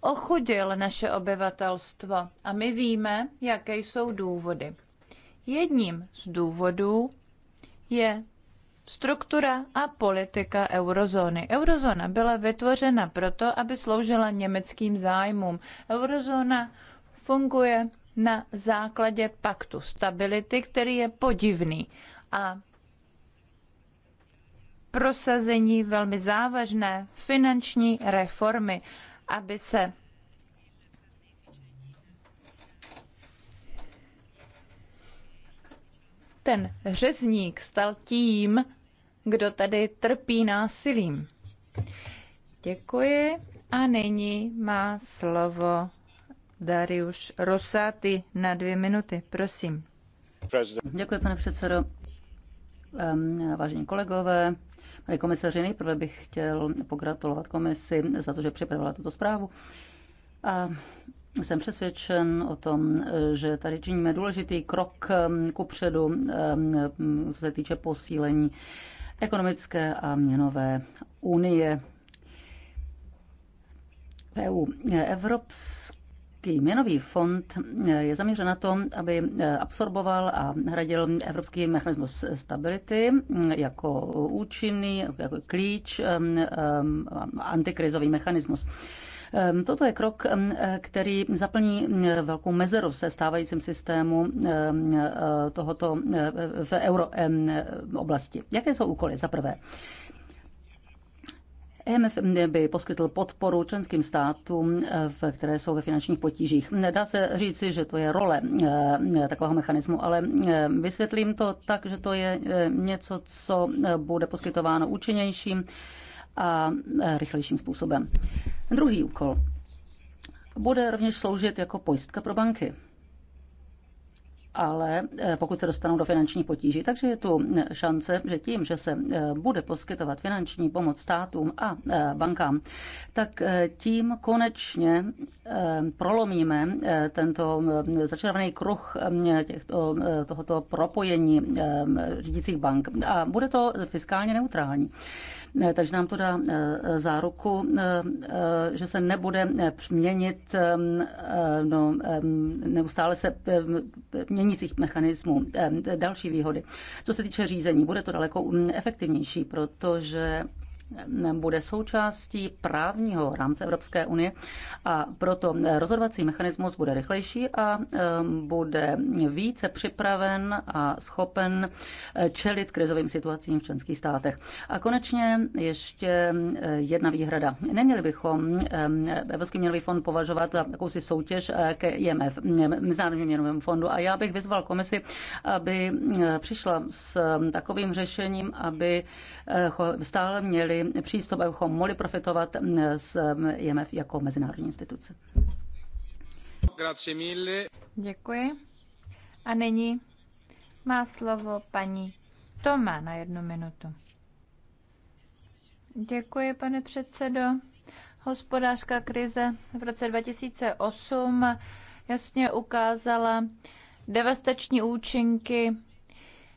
ochudil naše obyvatelstvo a my víme, jaké jsou důvody. Jedním z důvodů je struktura a politika eurozóny. Eurozóna byla vytvořena proto, aby sloužila německým zájmům. Eurozóna funguje na základě paktu stability, který je podivný a prosazení velmi závažné finanční reformy, aby se ten řezník stal tím, kdo tady trpí násilím. Děkuji a nyní má slovo Darius Rosati na dvě minuty. Prosím. Děkuji, pane předsedo. Vážení kolegové, pane komisaři, nejprve bych chtěl pogratulovat komisi za to, že připravila tuto zprávu. A jsem přesvědčen o tom, že tady činíme důležitý krok ku předu, co se týče posílení ekonomické a měnové unie EU. Evropský měnový fond je zaměřen na to, aby absorboval a hradil Evropský mechanismus stability jako účinný, jako klíč, um, um, antikrizový mechanismus. Ehm, toto je krok, ehm, který zaplní eh, velkou mezeru se stávajícím systému ehm, eh, tohoto eh, v euro oblasti. Jaké jsou úkoly? Za prvé, EMF by poskytl podporu členským státům, které jsou ve finančních potížích. Nedá se říci, že to je role takového mechanismu, ale vysvětlím to tak, že to je něco, co bude poskytováno účinnějším a e, rychlejším způsobem. Druhý úkol bude rovněž sloužit jako pojistka pro banky ale e, pokud se dostanou do finančních potíží. Takže je tu šance, že tím, že se e, bude poskytovat finanční pomoc státům a bankám, tak tím konečně prolomíme tento začarovaný kruh těchto, tohoto propojení řídících bank a bude to fiskálně neutrální takže nám to dá eh, záruku, eh, eh, že se nebude měnit no, neustále se měnících mechanismů další výhody. Co se týče řízení, bude to daleko mm, efektivnější, protože bude součástí právního rámce Evropské unie a proto rozhodovací mechanismus bude rychlejší a bude více připraven a schopen eh, čelit krizovým situacím v členských státech. A konečně ještě eh, jedna výhrada. Neměli bychom Evropský měnový fond považovat za jakousi soutěž eh, k IMF, Mezinárodnímu měnovému fondu a já bych vyzval komisi, aby přišla s takovým řešením, aby stále měli měli přístup, abychom mohli profitovat z IMF jako mezinárodní instituce. Děkuji. A nyní má slovo paní Toma na jednu minutu. Děkuji, pane předsedo. Hospodářská krize v roce 2008 jasně ukázala devastační účinky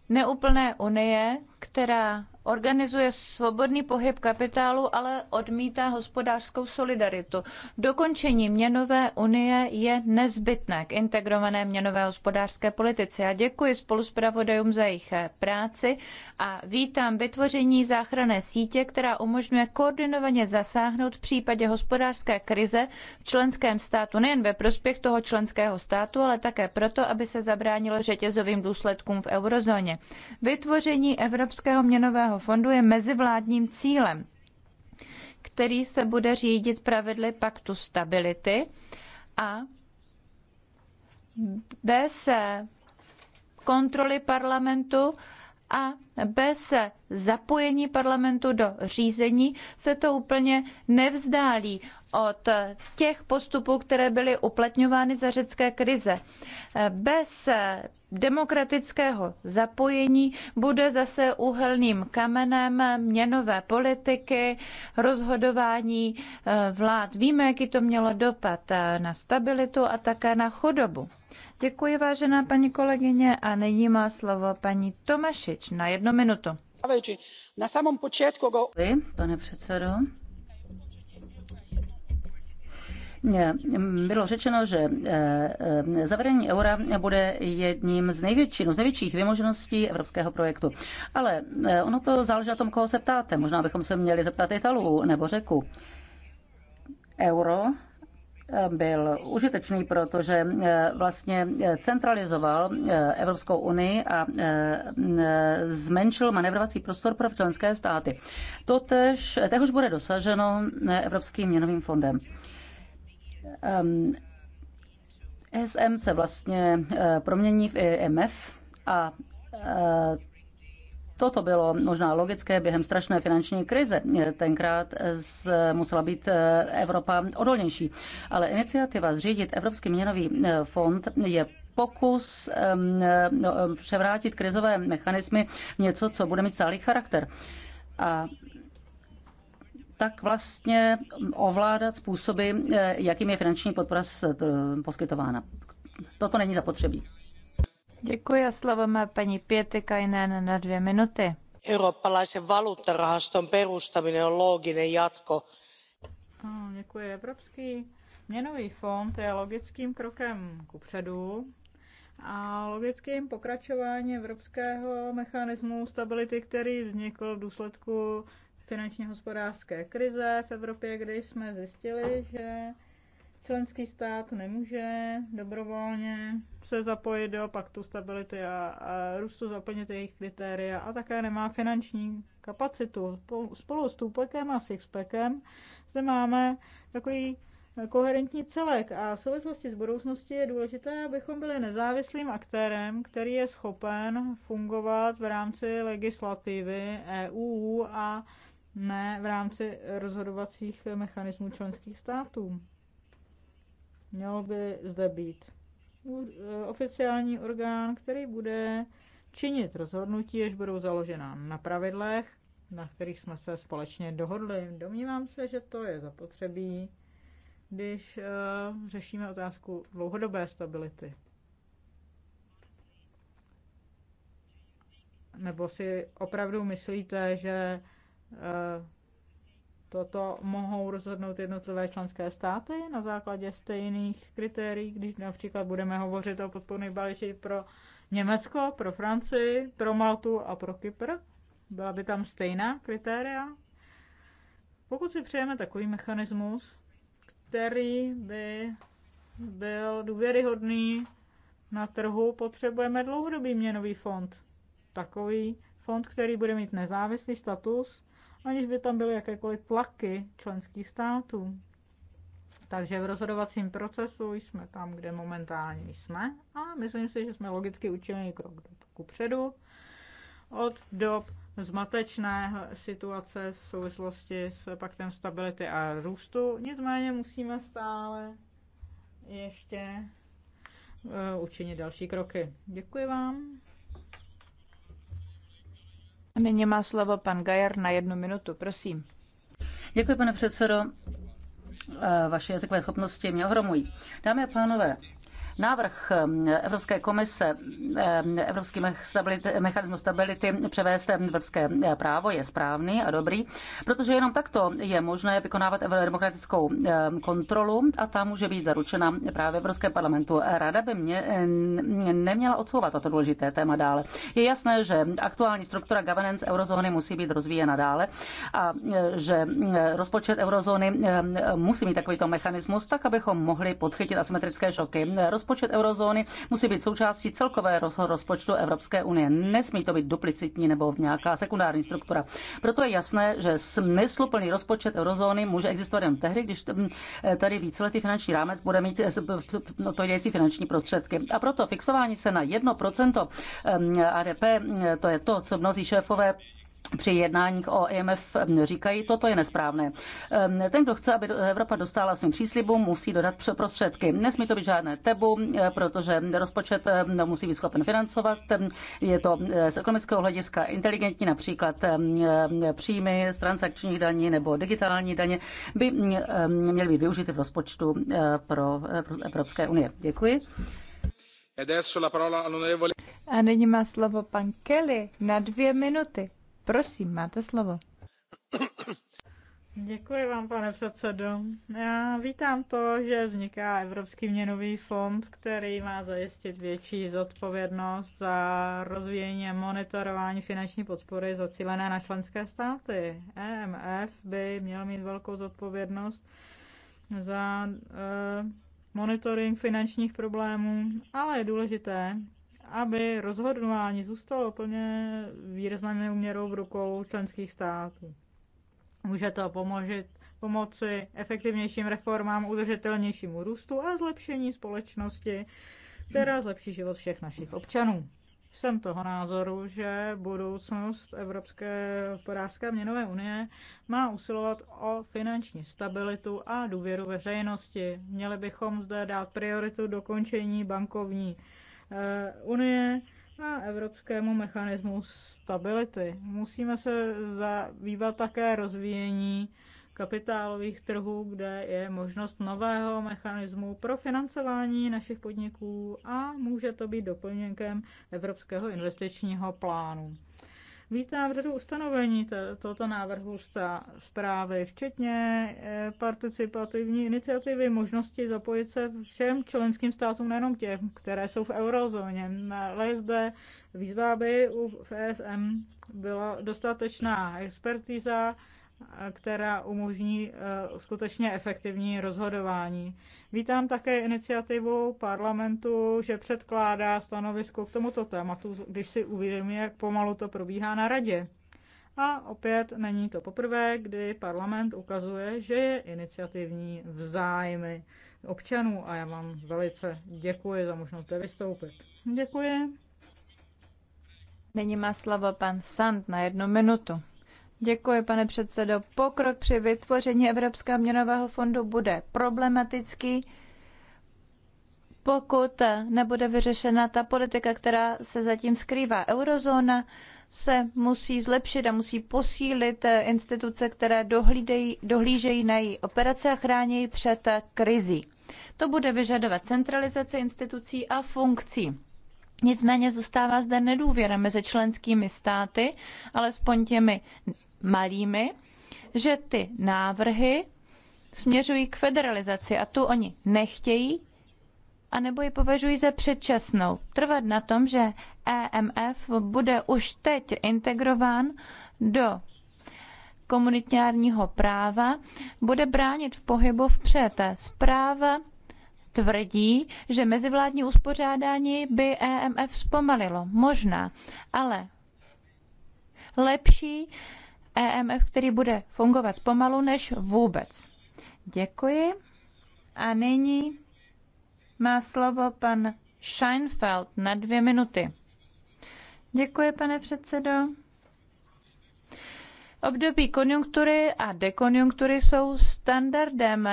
neúplné unie, která organizuje svobodný pohyb kapitálu, ale odmítá hospodářskou solidaritu. Dokončení měnové unie je nezbytné k integrované měnové hospodářské politice. Já děkuji spoluspravodajům za jejich eh, práci a vítám vytvoření záchranné sítě, která umožňuje koordinovaně zasáhnout v případě hospodářské krize v členském státu nejen ve prospěch toho členského státu, ale také proto, aby se zabránilo řetězovým důsledkům v eurozóně. Vytvoření Evropského měnového měnového fondu je mezivládním cílem, který se bude řídit pravidly paktu stability a bez kontroly parlamentu a bez zapojení parlamentu do řízení se to úplně nevzdálí od těch postupů, které byly uplatňovány za řecké krize. Bez demokratického zapojení bude zase úhelným kamenem měnové politiky, rozhodování eh, vlád. Víme, jaký to mělo dopad eh, na stabilitu a také na chudobu. Děkuji, vážená paní kolegyně, a nyní má slovo paní Tomašič na jednu minutu. Na počátku Pane předsedo, Eh, bylo řečeno, že eh, zavedení eura bude jedním z největších, no, z největších vymožeností evropského projektu. Ale eh, ono to záleží na tom, koho se ptáte. Možná bychom se měli zeptat Italů nebo Řeku. Euro byl užitečný, protože vlastně centralizoval Evropskou unii a zmenšil manevrovací prostor pro členské státy. Totež, téhož bude dosaženo Evropským měnovým fondem. ESM se vlastně eh, promění v EMF a eh, Toto bylo možná logické během strašné finanční krize. Eh, tenkrát musela být Evropa odolnější. Ale iniciativa zřídit Evropský měnový fond je pokus no, převrátit krizové mechanismy něco, co bude mít stálý charakter. A tak vlastně ovládat způsoby, eh, jakým je finanční podpora eh, poskytována. Toto není zapotřebí. Děkuji a slovo má paní Pietikainen na dvě minuty. Eurooppalaisen valuuttarahaston perustaminen on looginen jatko. Hmm, děkuji. Evropský měnový fond je logickým krokem kupředu a logickým pokračováním evropského mechanismu stability, který vznikl v důsledku finančně hospodářské krize v Evropě, kdy jsme zjistili, že členský stát nemůže dobrovolně se zapojit do paktu stability a, a růstu zaplnit jejich kritéria a také nemá finanční kapacitu. Spolu s Tupekem a Sixpackem zde máme takový koherentní celek a v souvislosti s budoucností je důležité, abychom byli nezávislým aktérem, který je schopen fungovat v rámci legislativy EU a ne v rámci rozhodovacích mechanismů členských států. Mělo by zde být oficiální orgán, který bude činit rozhodnutí, jež budou založena na pravidlech, na kterých jsme se společně dohodli. Domnívám se, že to je zapotřebí, když uh, řešíme otázku dlouhodobé stability. Nebo si opravdu myslíte, že Eh, toto mohou rozhodnout jednotlivé členské státy na základě stejných kritérií, když například budeme hovořit o podporných balíčích pro Německo, pro Francii, pro Maltu a pro Kypr. Byla by tam stejná kritéria? Pokud si přejeme takový mechanismus, který by byl důvěryhodný na trhu, potřebujeme dlouhodobý měnový fond. Takový fond, který bude mít nezávislý status aniž by tam byly jakékoliv tlaky členských států. Takže v rozhodovacím procesu jsme tam, kde momentálně jsme a myslím si, že jsme logicky učinili krok ku předu od dob zmatečné situace v souvislosti s paktem stability a růstu. Nicméně musíme stále ještě eh, učinit další kroky. Děkuji vám. Nyní má slovo pan Gajer na jednu minutu, prosím. Děkuji, pane předsedo. E, vaše jazykové schopnosti mě ohromují. Dámy a pánové, Návrh ehm, Evropské komise, ehm, Evropský mechanismus stability převést evropské eh, právo je správný a dobrý, protože jenom takto je možné vykonávat demokratickou ehm, kontrolu a tam může být zaručena právě Evropském parlamentu. Rada by mě neměla odsouvat toto důležité téma dále. Je jasné, že aktuální struktura governance eurozóny musí být rozvíjena dále a eh, že eh, rozpočet eurozóny musí mít takovýto mechanismus, tak abychom mohli podchytit asymetrické šoky. Rozpočet rozpočet eurozóny musí být součástí celkového rozpočtu Evropské unie. Nesmí to být duplicitní nebo v nějaká sekundární struktura. Proto je jasné, že smysluplný rozpočet eurozóny může existovat jen tehdy, když mm, eh, tady víceletý finanční rámec bude mít eh, odpovědějící finanční prostředky. A proto fixování se na 1% ehm, ADP, eh, to je to, co mnozí šéfové při jednáních o IMF e mm, říkají, toto je nesprávné. Mm, ten, kdo chce, aby Evropa dostala svým příslibům, musí dodat prostředky. Nesmí to být žádné tebu, mm, protože rozpočet musí být schopen financovat. Je to z ekonomického hlediska inteligentní, například příjmy z transakčních daní nebo digitální daně by měly být využity v rozpočtu pro Evropské unie. Děkuji. E A nyní má slovo pan Kelly na dvě minuty. Prosím, máte slovo. [coughs] Děkuji vám, pane předsedo. Já vítám to, že vzniká Evropský měnový fond, který má zajistit větší zodpovědnost za rozvíjení a monitorování finanční podpory zacílené na členské státy. EMF by měl mít velkou zodpovědnost za eh, monitoring finančních problémů, ale je důležité, aby rozhodování zůstalo plně výraznou měrou v rukou členských států. Může to pomožit, pomoci efektivnějším reformám, udržitelnějšímu růstu a zlepšení společnosti, která zlepší život všech našich občanů. Jsem toho názoru, že budoucnost Evropské hospodářské a měnové unie má usilovat o finanční stabilitu a důvěru veřejnosti. Měli bychom zde dát prioritu dokončení bankovní Eh, unie a evropskému mechanismu stability. Musíme se zabývat také rozvíjení kapitálových trhů, kde je možnost nového mechanismu pro financování našich podniků a může to být doplněkem Evropského investičního plánu. Vítám řadu ustanovení tohoto návrhu zprávy, včetně e, participativní iniciativy, možnosti zapojit se všem členským státům, nejenom těm, které jsou v eurozóně. Ale zde výzva, aby v ESM byla dostatečná Expertiza která umožní eh, skutečně efektivní rozhodování. Vítám také iniciativu parlamentu, že předkládá stanovisko k tomuto tématu, když si uvědomí, jak pomalu to probíhá na radě. A opět není to poprvé, kdy parlament ukazuje, že je iniciativní v zájmy občanů a já vám velice děkuji za možnost zde vystoupit. Děkuji. Není má slovo pan Sand na jednu minutu. Děkuji, pane předsedo. Pokrok při vytvoření Evropského měnového fondu bude problematický, pokud nebude vyřešena ta politika, která se zatím skrývá. Eurozóna se musí zlepšit a musí posílit instituce, které dohlídejí, dohlížejí na její operace a chrání před krizí. To bude vyžadovat centralizace institucí a funkcí. Nicméně zůstává zde nedůvěra mezi členskými státy, alespoň těmi malými, že ty návrhy směřují k federalizaci a tu oni nechtějí, anebo ji považují za předčasnou. Trvat na tom, že EMF bude už teď integrován do komunitárního práva, bude bránit v pohybu vpřed. Zpráva tvrdí, že mezivládní uspořádání by EMF zpomalilo. Možná, ale lepší EMF, který bude fungovat pomalu než vůbec. Děkuji. A nyní má slovo pan Scheinfeld na dvě minuty. Děkuji, pane předsedo. Období konjunktury a dekonjunktury jsou standardem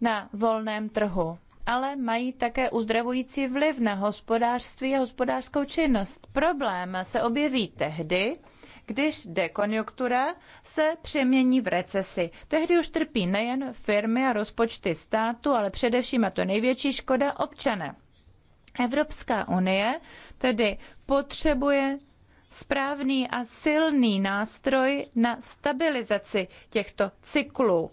na volném trhu, ale mají také uzdravující vliv na hospodářství a hospodářskou činnost. Problém se objeví tehdy, když jde konjunktura, se přemění v recesi. Tehdy už trpí nejen firmy a rozpočty státu, ale především a to největší škoda občané. Evropská unie tedy potřebuje správný a silný nástroj na stabilizaci těchto cyklů.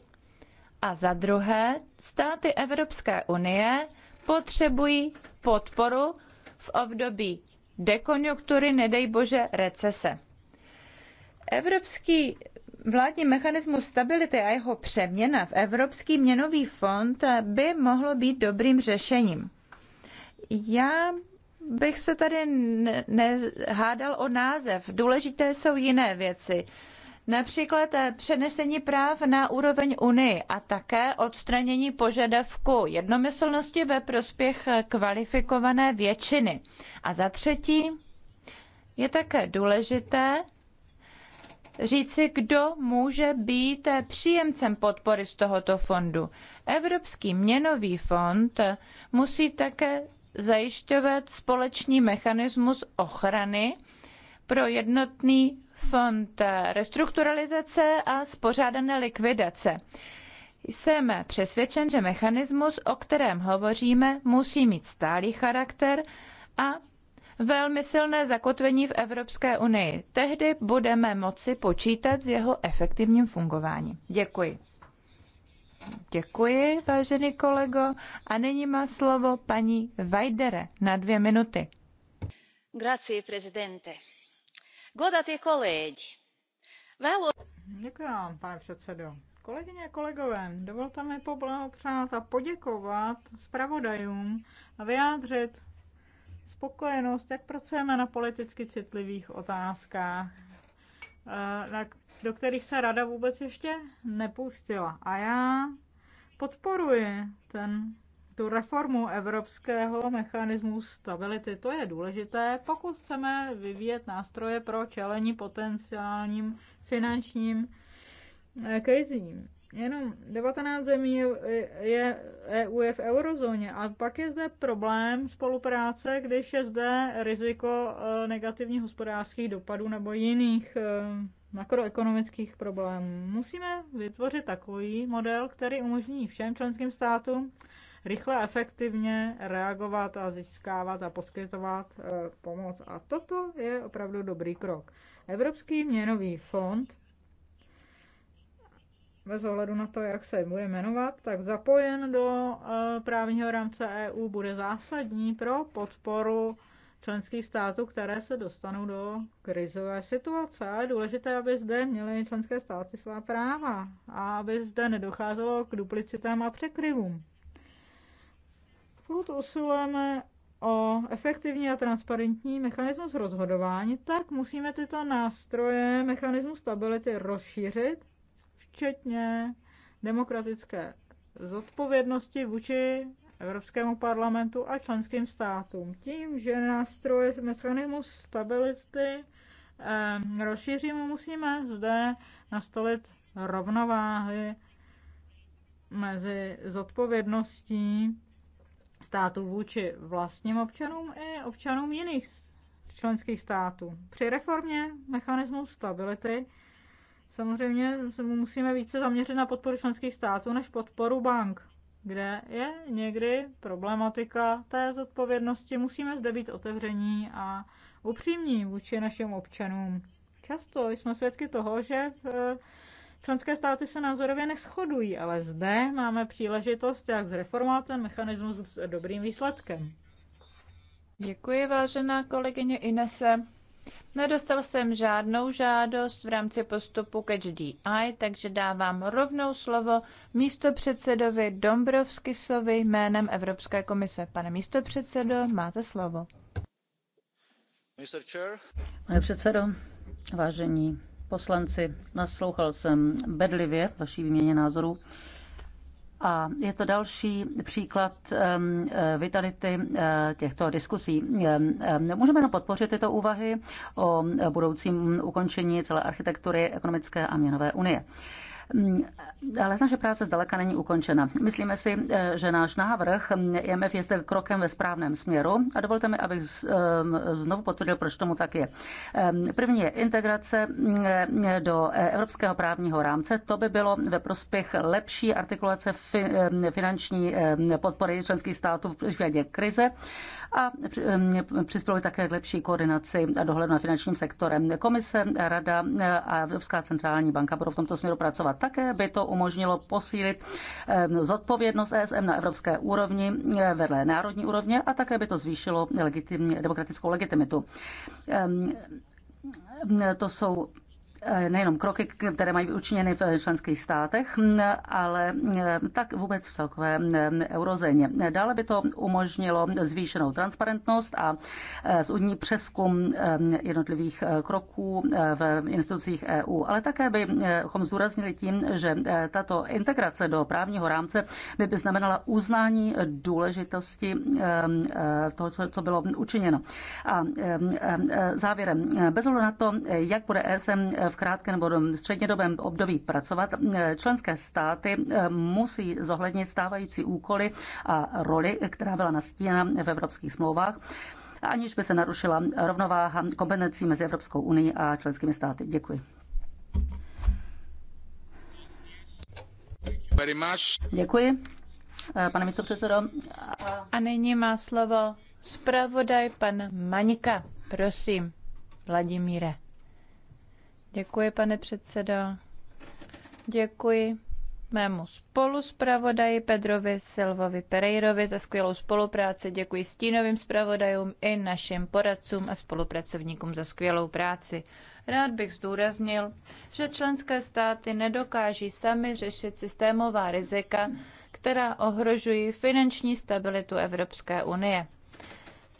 A za druhé, státy Evropské unie potřebují podporu v období dekonjunktury, nedej bože recese. Evropský vládní mechanismus stability a jeho přeměna v Evropský měnový fond by mohlo být dobrým řešením. Já bych se tady nehádal o název. Důležité jsou jiné věci. Například přenesení práv na úroveň Unii a také odstranění požadavku jednomyslnosti ve prospěch kvalifikované většiny. A za třetí je také důležité říci, kdo může být příjemcem podpory z tohoto fondu. Evropský měnový fond musí také zajišťovat společný mechanismus ochrany pro jednotný fond restrukturalizace a spořádané likvidace. Jsem přesvědčen, že mechanismus, o kterém hovoříme, musí mít stálý charakter a velmi silné zakotvení v Evropské unii. Tehdy budeme moci počítat s jeho efektivním fungováním. Děkuji. Děkuji, vážený kolego. A nyní má slovo paní Vajdere na dvě minuty. Grazie, prezidente. Godate kolegi. Velo... Děkuji vám, pane předsedo. Kolegyně a kolegové, dovolte mi poblahopřát a poděkovat zpravodajům a vyjádřit spokojenost, jak pracujeme na politicky citlivých otázkách, eh, do kterých se rada vůbec ještě nepustila. A já podporuji ten, tu reformu evropského mechanismu stability. To je důležité, pokud chceme vyvíjet nástroje pro čelení potenciálním finančním eh, krizím. Jenom 19 zemí je, EU e je v eurozóně a pak je zde problém spolupráce, když je zde riziko e, negativních hospodářských dopadů nebo jiných e, makroekonomických problémů. Musíme vytvořit takový model, který umožní všem členským státům rychle a efektivně reagovat a získávat a poskytovat pomoc. A toto je opravdu dobrý krok. Evropský měnový fond bez ohledu na to, jak se bude jmenovat, tak zapojen do eh, právního rámce EU bude zásadní pro podporu členských států, které se dostanou do krizové situace. A je důležité, aby zde měly členské státy svá práva a aby zde nedocházelo k duplicitám a překryvům. Pokud usilujeme o efektivní a transparentní mechanismus rozhodování, tak musíme tyto nástroje mechanismu stability rozšířit včetně demokratické zodpovědnosti vůči Evropskému parlamentu a členským státům. Tím, že nástroje mechanismus stability rozšíříme, musíme zde nastolit rovnováhy mezi zodpovědností států vůči vlastním občanům i občanům jiných členských států. Při reformě mechanismu stability Samozřejmě musíme více zaměřit na podporu členských států než podporu bank, kde je někdy problematika té zodpovědnosti. Musíme zde být otevření a upřímní vůči našim občanům. Často jsme svědky toho, že eh, členské státy se názorově neschodují, ale zde máme příležitost, jak zreformovat ten mechanismus s dobrým výsledkem. Děkuji, vážená kolegyně Inese. Nedostal jsem žádnou žádost v rámci postupu Catch DI, takže dávám rovnou slovo místopředsedovi Dombrovskisovi jménem Evropské komise. Pane místopředsedo, máte slovo. Pane předsedo, vážení poslanci, naslouchal jsem bedlivě vaší výměně názorů. A je to další příklad eh, vitality eh, těchto diskusí. Můžeme jenom podpořit tyto úvahy o budoucím ukončení celé architektury ekonomické a měnové unie. Mm, ale naše práce zdaleka není ukončena. Myslíme si, eh, že náš návrh IMF e je zde krokem ve správném směru a dovolte mi, abych eh, znovu potvrdil, proč tomu tak je. Eh, první je integrace do evropského právního rámce. To by bylo ve prospěch lepší artikulace finanční podpory členských států v případě krize a přispělo by také k lepší koordinaci a dohledu na finančním sektorem. Komise, Rada a Evropská centrální banka budou v tomto směru pracovat a také by to umožnilo posílit zodpovědnost ESM na evropské úrovni e, vedle národní úrovně a také by to zvýšilo legitim, demokratickou legitimitu. To jsou Eh, nejenom kroky, které mají být učiněny v členských státech, eh, ale eh, tak vůbec v celkové eurozeně. Dále by to umožnilo zvýšenou transparentnost a zúdní přeskum jednotlivých kroků v institucích EU, ale také bychom zúraznili tím, že tato integrace do právního rámce by, by znamenala uznání důležitosti toho, co bylo učiněno. A závěrem, bez ohledu na to, jak bude ESM v krátkém nebo střednědobém období pracovat, členské státy eh, musí zohlednit stávající úkoly a roli, která byla nastíněna v evropských smlouvách aniž by se narušila rovnováha kompetencí mezi Evropskou unii a členskými státy. Děkuji. Děkuji, eh, pane předsedo. A nyní má slovo zpravodaj pan Maňka. Prosím, Vladimíre. Děkuji, pane předsedo. Děkuji mému spoluspravodaji Pedrovi Silvovi Pereirovi za skvělou spolupráci. Děkuji stínovým zpravodajům i našim poradcům a spolupracovníkům za skvělou práci. Rád bych zdůraznil, že členské státy nedokáží sami řešit systémová rizika, která ohrožují finanční stabilitu Evropské unie.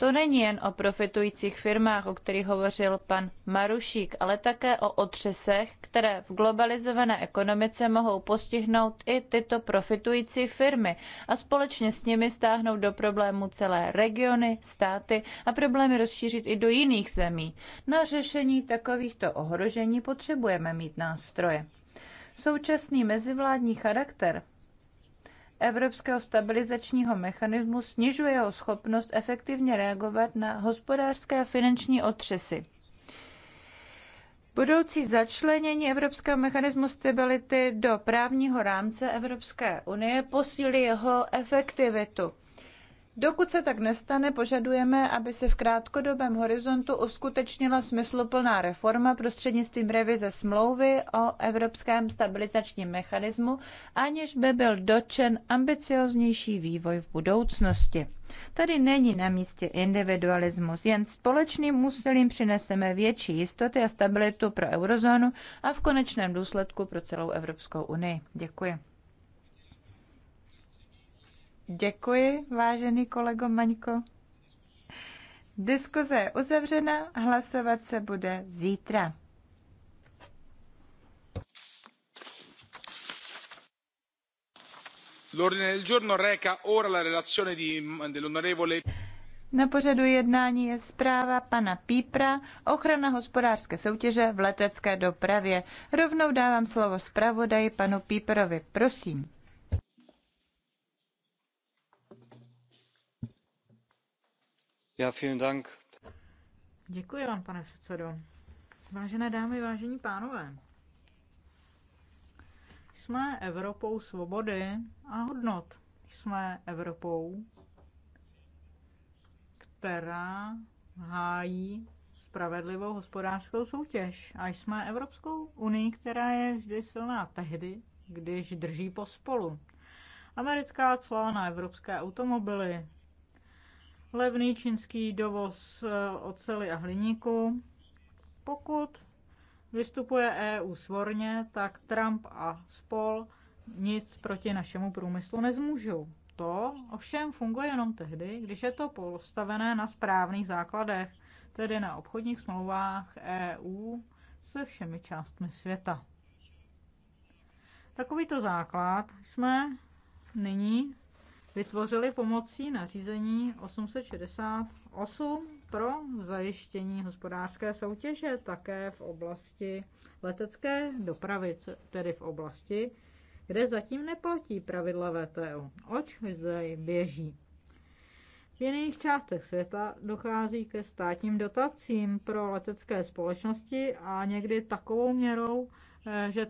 To není jen o profitujících firmách, o kterých hovořil pan Marušík, ale také o otřesech, které v globalizované ekonomice mohou postihnout i tyto profitující firmy a společně s nimi stáhnout do problému celé regiony, státy a problémy rozšířit i do jiných zemí. Na řešení takovýchto ohrožení potřebujeme mít nástroje. Současný mezivládní charakter Evropského stabilizačního mechanismu snižuje jeho schopnost efektivně reagovat na hospodářské a finanční otřesy. Budoucí začlenění Evropského mechanismu stability do právního rámce Evropské unie posílí jeho efektivitu. Dokud se tak nestane, požadujeme, aby se v krátkodobém horizontu uskutečnila smysluplná reforma prostřednictvím revize smlouvy o Evropském stabilizačním mechanismu, aniž by byl dočen ambicioznější vývoj v budoucnosti. Tady není na místě individualismus, jen společným úsilím přineseme větší jistoty a stabilitu pro eurozónu a v konečném důsledku pro celou Evropskou unii. Děkuji. Děkuji, vážený kolego Maňko. Diskuze je uzavřena, hlasovat se bude zítra. ora la relazione di, na pořadu jednání je zpráva pana Pípra, ochrana hospodářské soutěže v letecké dopravě. Rovnou dávám slovo zpravodaji panu Píprovi, prosím. Děkuji vám, pane předsedo. Vážené dámy, vážení pánové. Jsme Evropou svobody a hodnot. Jsme Evropou, která hájí spravedlivou hospodářskou soutěž. A jsme Evropskou unii, která je vždy silná tehdy, když drží pospolu. Americká cla na evropské automobily, levný čínský dovoz eh, oceli a hliníku. Pokud vystupuje EU svorně, tak Trump a spol nic proti našemu průmyslu nezmůžou. To ovšem funguje jenom tehdy, když je to postavené na správných základech, tedy na obchodních smlouvách EU se všemi částmi světa. Takovýto základ jsme nyní vytvořili pomocí nařízení 868 pro zajištění hospodářské soutěže také v oblasti letecké dopravy, tedy v oblasti, kde zatím neplatí pravidla VTO. Oč zde běží? V jiných částech světa dochází ke státním dotacím pro letecké společnosti a někdy takovou měrou, eh, že to